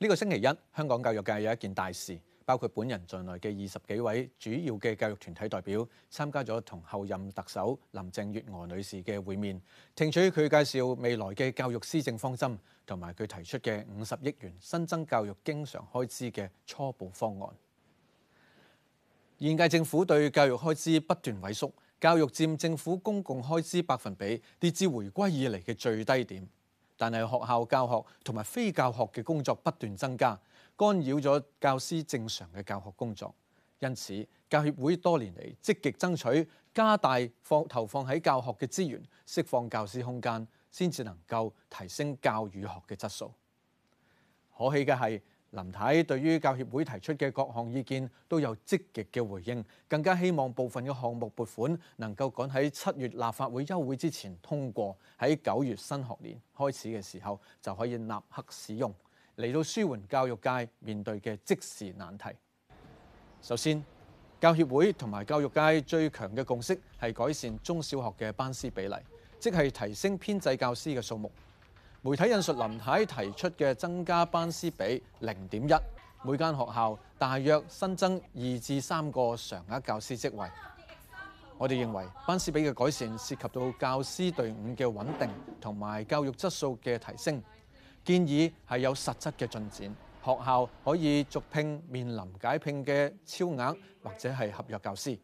呢個星期一，香港教育界有一件大事，包括本人在內嘅二十幾位主要嘅教育團體代表，參加咗同候任特首林鄭月娥女士嘅會面，聽取佢介紹未來嘅教育施政方針，同埋佢提出嘅五十億元新增教育經常開支嘅初步方案。現屆政府對教育開支不斷萎縮，教育佔政府公共開支百分比跌至回歸以來嘅最低點。但係學校教學同埋非教學嘅工作不斷增加，干擾咗教師正常嘅教學工作。因此，教協會多年嚟積極爭取加大放投放喺教學嘅資源，釋放教師空間，先至能夠提升教與學嘅質素。可喜嘅係，林太對於教協會提出嘅各項意見都有積極嘅回應，更加希望部分嘅項目撥款能夠趕喺七月立法會休會之前通過，喺九月新學年開始嘅時候就可以立刻使用，嚟到舒緩教育界面對嘅即時難題。首先，教協會同埋教育界最強嘅共識係改善中小學嘅班師比例，即係提升編制教師嘅數目。媒體引述林太提出嘅增加班師比零點一，每間學校大約新增二至三個常額教師職位。我哋認為班師比嘅改善涉及到教師隊伍嘅穩定同埋教育質素嘅提升，建議係有實質嘅進展。學校可以續聘面臨解聘嘅超額或者係合約教師。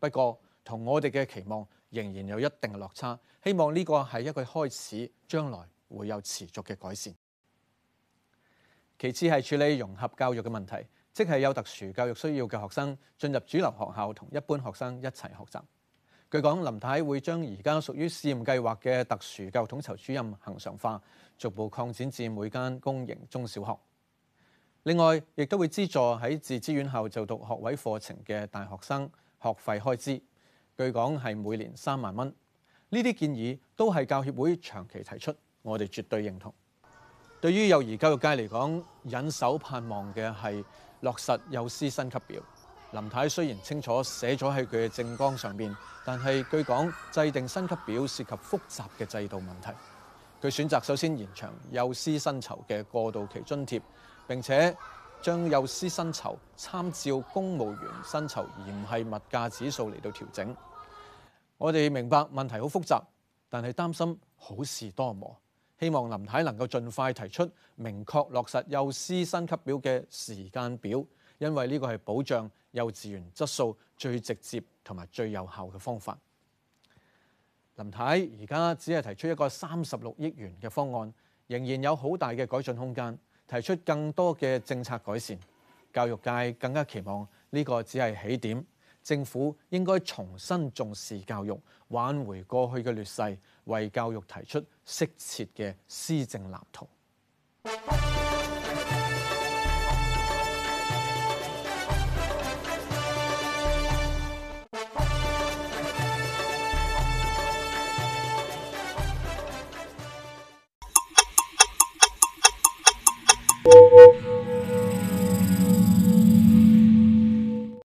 不過同我哋嘅期望仍然有一定落差。希望呢個係一個開始，將來，會有持續嘅改善。其次係處理融合教育嘅問題，即係有特殊教育需要嘅學生進入主流學校同一般學生一齊學習。據講，林太會將而家屬於試驗計劃嘅特殊教育統籌主任恆常化，逐步擴展至每間公營中小學。另外，亦都會資助喺自資院校就讀學位課程嘅大學生學費開支，據講係每年三萬蚊。呢啲建議都係教協會長期提出。我哋絕對認同。對於幼兒教育界嚟講，引首盼望嘅係落實幼師薪級表。林太雖然清楚寫咗喺佢嘅政綱上面，但係據講制定薪級表涉及複雜嘅制度問題。佢選擇首先延長幼師薪酬嘅過渡期津貼，並且將幼師薪酬參照公務員薪酬而唔係物價指數嚟到調整。我哋明白問題好複雜，但係擔心好事多磨。希望林太能夠盡快提出明確落實幼師薪級表嘅時間表，因為呢個係保障幼稚園質素最直接同埋最有效嘅方法。林太而家只係提出一個三十六億元嘅方案，仍然有好大嘅改進空間，提出更多嘅政策改善。教育界更加期望呢個只係起點。政府應該重新重視教育，挽回過去嘅劣勢，為教育提出適切嘅施政藍圖。